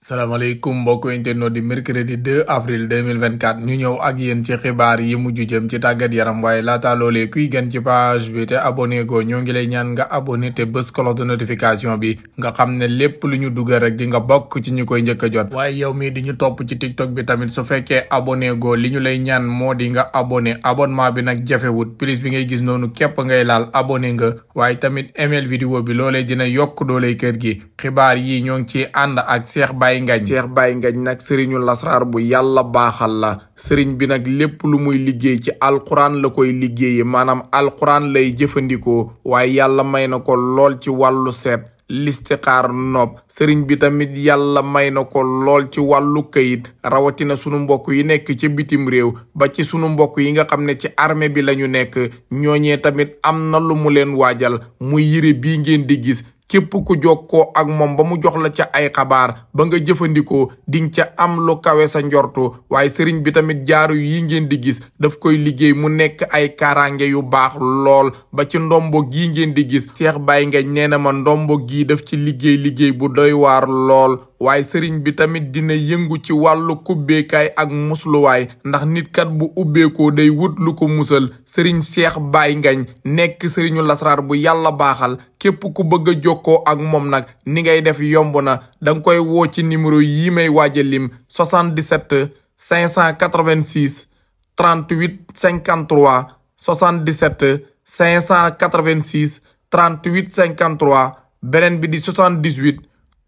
salaamaaleykum mbokk internet di mercredi 2 avril 2024 ñu ñëw ak yéen ci xibaar mujj jëm ci tàggat yaram waaye laata loolee kuy gën ci page bi te abonné go ñoo ngi lay ñaan nga abonné te bés cloche de notification bi nga xam ne lépp lu ñu dugal rek di nga bokk ci ñu koy njëkk a jot. waaye yow mii di ñu topp ci tiktok bi tamit su fekkee abone go li ñu lay ñaan moo di nga abonné abonnement bi nag jafewut plus bi ngay gis noonu képp ngay laal abonné nga waaye tamit email vidéo bi loolee dina yokk dooley kër gi xibaar yi ñoo ngi ciy ànd ak Cheikh Baye Baye Ngañ Cheikh Baye Ngañ nag sëriñu lasraar bu yàlla baaxal la sëriñ bi nag lépp lu muy liggéey ci alxuraan la koy liggéeye maanaam alxuraan lay jëfandikoo waaye yàlla may na ko lool ci wàllu seet listixaar nopp sëriñ bi tamit yàlla may na ko lool ci wàllu kayit rawatina sunu mbokk yi nekk ci bitim réew ba ci sunu mbokk yi nga xam ne ci armée bi lañu nekk ñooñee tamit am na lu mu leen waajal muy yére bii ngeen di gis képp ku jokkoo ak moom ba mu jox la ca ay xabaar ba nga jëfandikoo ding ca am lu kawe sa njortu waaye sëriñ bi tamit jaaru yi ngeen di gis daf koy liggéey mu nekk ay kaaraange yu baax lool ba ci ndombo gii ngeen di gis Cheikh Baye Ngagne nee na ma ndombo gii daf ci liggéey liggéey bu doy waar lool waaye sëriñ bi tamit dina yëngu ci wàllu kubbeekaay ak musluwaay ndax nit kat bu ubbeekoo day wut lu ko musal sëriñ Cheikh Baye Ngagne nekk sëriñu lasraar bu yàlla baaxal képp ku bëgg a jokkoo ak moom nag ni ngay def yomb na danga koy woo ci numéro yi may waaja lim 77 586 38 53 77 586 38 53 beneen bi di 78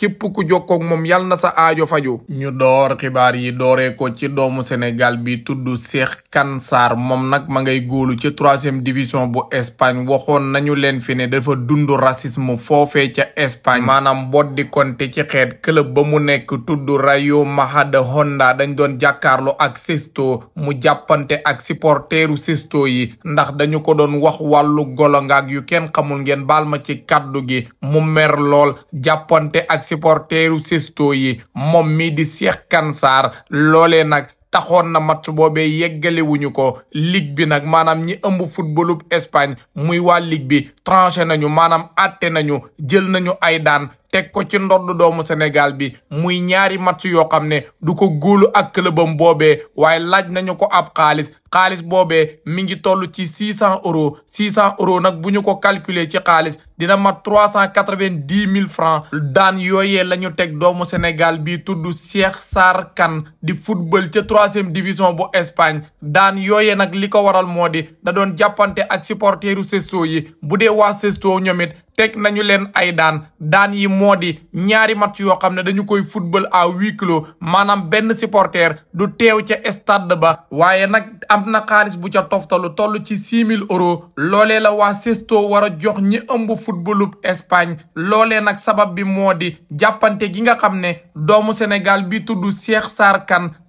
képp ku jokkoog moom yal na sa aajo faju ñu door xibaar yi dooree ko ci doomu Sénégal bi tudd Cheikh Kansar moom nag ma ngay góolu ci troisième division bu Espagne waxoon nañu leen fi ne dafa dundu racisme foofee ca Espagne maanaam bot di konte ci xeet club ba mu nekk tudd Rayo Majadahonda dañ doon jàkkaarloo ak Sesto mu jàppante ak supporteru Sesto yi ndax dañu ko doon wax wàllu golongaak yu ken xamul ngeen bal ma ci kàddu gi mu mer lool supporteru Sesto yi moom mi di Cheikh Kansar loolee nag taxoon na match boobee yeggale wuñu ko ligue bi nag maanaam ñi ëmb footballub Espagne muy waa ligue bi tranché nañu maanaam àtte nañu jël nañu ay daan teg ko ci ndodd doomu Sénégal bi muy ñaari match yoo xam ne du ko góolu ak clubam boobee waaye laaj nañu ko ab xaalis xaalis boobee mi ngi toll ci six cent euros six cent euros nag bu ñu ko calculer ci xaalis dina mat trois cent quatre-vingt-dix mille francs daan yooyee la ñu teg doomu Sénégal bi tudd Cheikh Sarr Kane di football ca troisième division bu Espagne daan yooyee nag li ko waral moo di da doon jàppante ak supporteru Sesto yi bu dee waa Sesto ñoom teg nañu leen ay daan daan yi moo di ñaari match yoo xam ne dañu koy football à huis clos maanaam benn supporter du teew ca stade ba waaye nag am na xaalis bu ca toftalu toll ci six mille euros loolee la waa Sesto war a jox ñi ëmb footballub Espagne loole nag sabab bi moo di jàppante gi nga xam ne doomu Sénégal bi tudd Cheikh Sarr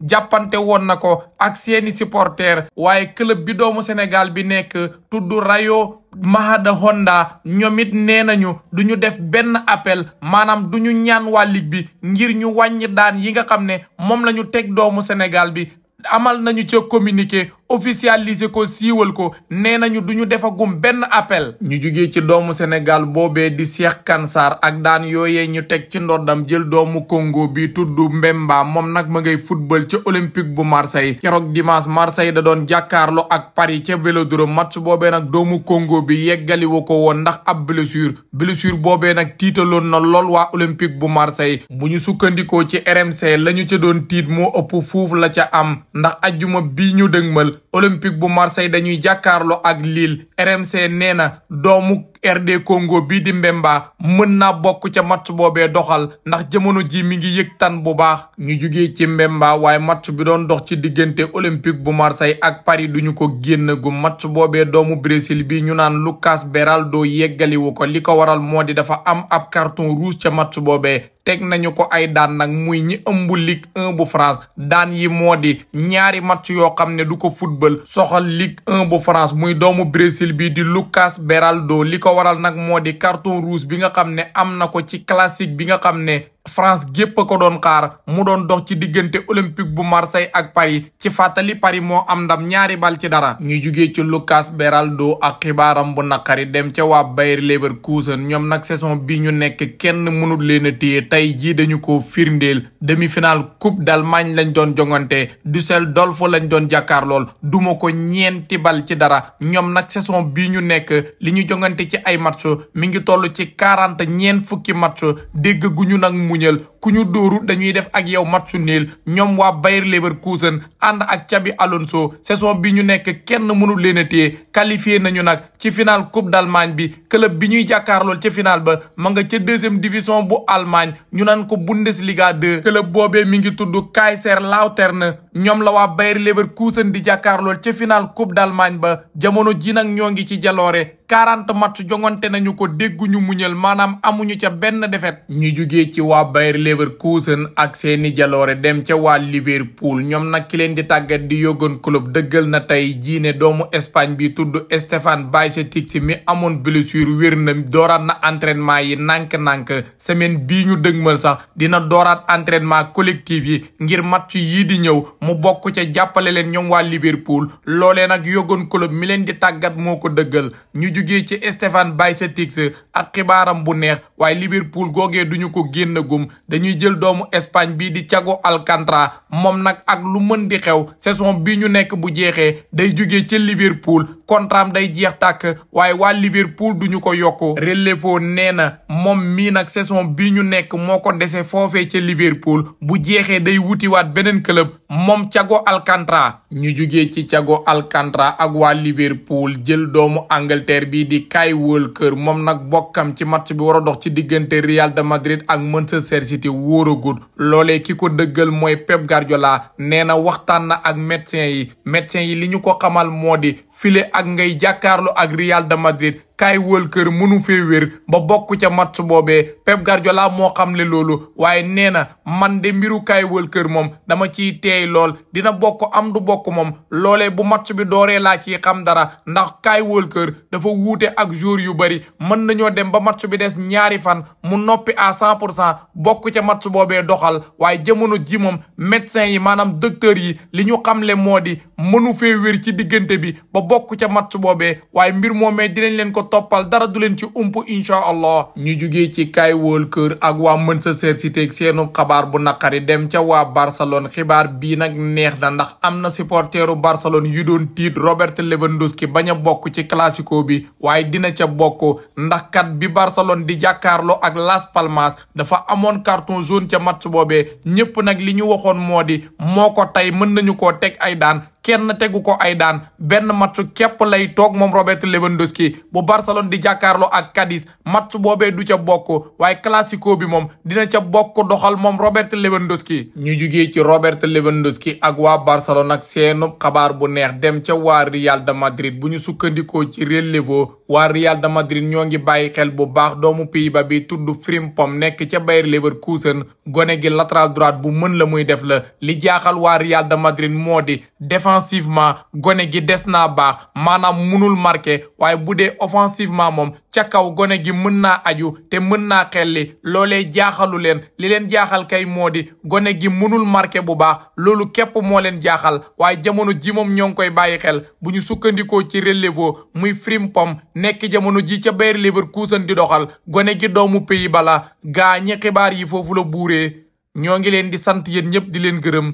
jàppante woon na ko ak seeni supporter waaye club bi doomu Sénégal bi nekk tudd Rayo Mahada Honda ñoom it nee nañu du ñu def benn appel maanaam du ñu ñaan waa bi ngir ñu wàññi daan yi nga xam ne moom la ñu teg doomu Sénégal bi amal nañu ca communiqué officialiser ko siiwal ko nee nañu duñu defagum benn appel ñu jugee ci doomu Sénégal boobee di Cheikh Kansar ak daan yooyee ñu teg ci ndoddam jël doomu Congo bi tudd Mbemba moom nag ma ngay football ca Olympique bu Marseille keroog dimanche Marseille da doon jàkkaarloo ak Paris ca Vélodrome match boobee nag doomu Congo bi yeggali wu ko woon ndax ab blessure blessure boobee nag tiitaloon na lool waa Olympique bu Marseille bu ñu sukkandikoo ci RMC la ñu ca doon tiit moo ëpp fuuf la ca am ndax ajuma bi ñu dëgmal olympique bu Marseille dañuy jàkkaarloo ak Lille RMC nee na doomu RD Congo bii di Mbemba mën naa bokk ca match boobee doxal ndax jamono ji mi ngi yëg tan bu baax ñu jugee ci Mbemba waaye match bi doon dox ci diggante Olympique bu Marseille ak Paris duñu ko génn gu match boobee doomu Brésil bi ñu naan Lucas Beraldo yeggaliwu ko li ko waral moo di dafa am ab carton rouge ca match boobee teg nañu ko ay dan nag muy ñi ëmb Ligue 1 France dan yi moo di ñaari match yoo xam ne du ko football soxal Ligue 1 France muy doomu Brésil bi di Lucas Beraldo li ko waral nag moo di carton rouge bi nga xam ne am na ko ci classique bi nga xam ne France gépp ko doon xaar mu doon dox ci diggante olympique bu Marseille ak Paris ci fàttali Paris moo am ndam ñaari bal ci dara ñu jugee ci Lucas Beraldo ak xibaaram bu naqari dem ca waa Bayer Leverkusen ñoom nag saison bi ñu nekk kenn mënul leen a téye tey jii dañu ko firndeel demi-finale coupe d'Allemagne lañ doon jongante Düsseldorf lañ doon jàkkaarlool duma ko ñeenti bal ci dara ñoom nag saison bi ñu nekk li ñu jongante ci ay match mi ngi toll ci quarante ñeent fukki match muñal ku ñu dóoru dañuy def ak yow match nul ñoom waa Bayer Leverkusen ànd ak Xabi Alonso saison bi ñu nekk kenn mënul leen a téye qualifié nañu nag ci final coupe d'Allemagne bi club bi ñuy jàkkaarlool ca final ba ma nga ca deuxième division bu Allemagne ñu naan ko Bundesliga 2 club boobe mi ngi tudd na ñoom la waa Bayer Leverkusen di jàkkaarlool ca final coupe d'Allemagne ba jamono ji nag ñoo ngi ci jaloore quarante match jongante nañu ko dégguñu muñal maanaam amuñu ca benn defet ñu jugee ci waa Bayer Leverkusen ak seeni jaloore dem ca waa Liverpool ñoom nag ki leen di tàggat di Jürgen Klopp dëggal na tey jii doomu Espagne bi tudd Stéphane Bajcetic mi amoon blessure wér na dooraat na entraînement yi nànk-nànk semaine bii ñu dëgmal sax dina dooraat entraînement collectif yi ngir match yii di ñëw mu bokk ca jàppale leen ñoom waa Liverpool loolee nag Jürgen Klopp mi leen di tàggat moo ko dëggal jugee ci Stéphane Bicetic ak xibaaram bu neex waaye Liverpool googee duñu ko génn gum dañuy jël doomu Espagne bi di Thiago Alcantara moom nag ak lu mën di xew saison bi ñu nekk bu jeexee day jugee ci Liverpool kontraam day jeex tàkk waaye waa Liverpool duñu ko yokku Relevo nee na moom mii nag saison bi ñu nekk moo ko dese foofee ca Liverpool bu jeexee day wutiwaat beneen club moom cago Alcantara ñu jugee ci Thiago Alcantara ak waa Liverpool jël doomu Angleterre bii di Kyle Walker moom nag bokkam ci match bi war a dox ci diggante Real de Madrid ak Manchester City wóoragul loole ki ko dëggal mooy Pep Guardiola nee na waxtaan na ak médecin yi médecin yi li ñu ko xamal moo di file ak ngay jàkkaarloo ak Real de Madrid Kyle Walker mënu fee wér ba bokku ca match boobee Pep laa moo xam le loolu waaye nee na man de mbiru Kyle Walker moom dama ciy teey lool dina bokk am du bokk moom loolee bu match bi dooree laa ci xam dara ndax Kyle Walker dafa wuute ak jour yu bari mën nañoo dem ba match bi des ñaari fan mu noppi à cent pour cent bokk ca match boobee doxal waaye jamono ji moom médecin yi maanaam docteur yi li ñu le moo di mënu fee wér ci diggante bi ba bokk ca match boobee waaye mbir moomee toppal dara du leen ci ump incha allah ñu jugee ci Kyle Walker ak waa Manchester City ak seenu xabaar bu naqari dem ca waa Barcelone xibaar bii nag neex na ndax am na supporteru Barcelone yu doon tiit Robert Lewandowski bañ a bokk ci classico bi waaye dina ca bokk ndax kat bi Barcelone di jàkkaarloo ak Las Palmas dafa amoon carton jaune ca match boobee ñëpp nag li ñu waxoon moo di moo ko tey mën nañu ko teg ay daan kenn tegu ko ay daan benn match képp lay toog moom Robert Lewandowski bu Barcelone di jàkkaarloo ak Cadiz match boobee du ca bokk waaye classico bi moom dina ca bokk doxal moom Robert Lewandowski. ñu jugee ci Robert Lewandowski ak waa Barcelone ak seenu xabaar bu neex dem ca waar Real de Madrid bu ñu sukkandikoo ci Relevo waa Real de Madrid ñoo ngi bàyyi xel bu baax doomu piiba bi tudd Frimpong nekk ca Bayer Leverkusen gone gi latéral droite bu mën la muy def la li jaaxal waa Real moo di défensivement gone gi des naa baax maanaam munul marqué waaye bu dee offensivement moom ca kaw gone gi mën naa aju te mën naa xelli loolee jaaxalu leen li leen jaaxal kay moo di gone gi munul marqué bu baax loolu képp moo leen jaaxal waaye jamono ji moom ñoo ngi koy bàyyi xel bu ñu sukkandikoo ci relevo muy Frimpong nekk jamono ji ca Bayer Leverkusen di doxal gone gi doomu pays bala gaa ñi xibaar yi foofu la buuree ñoo ngi leen di sant yéen ñëpp di leen gërëm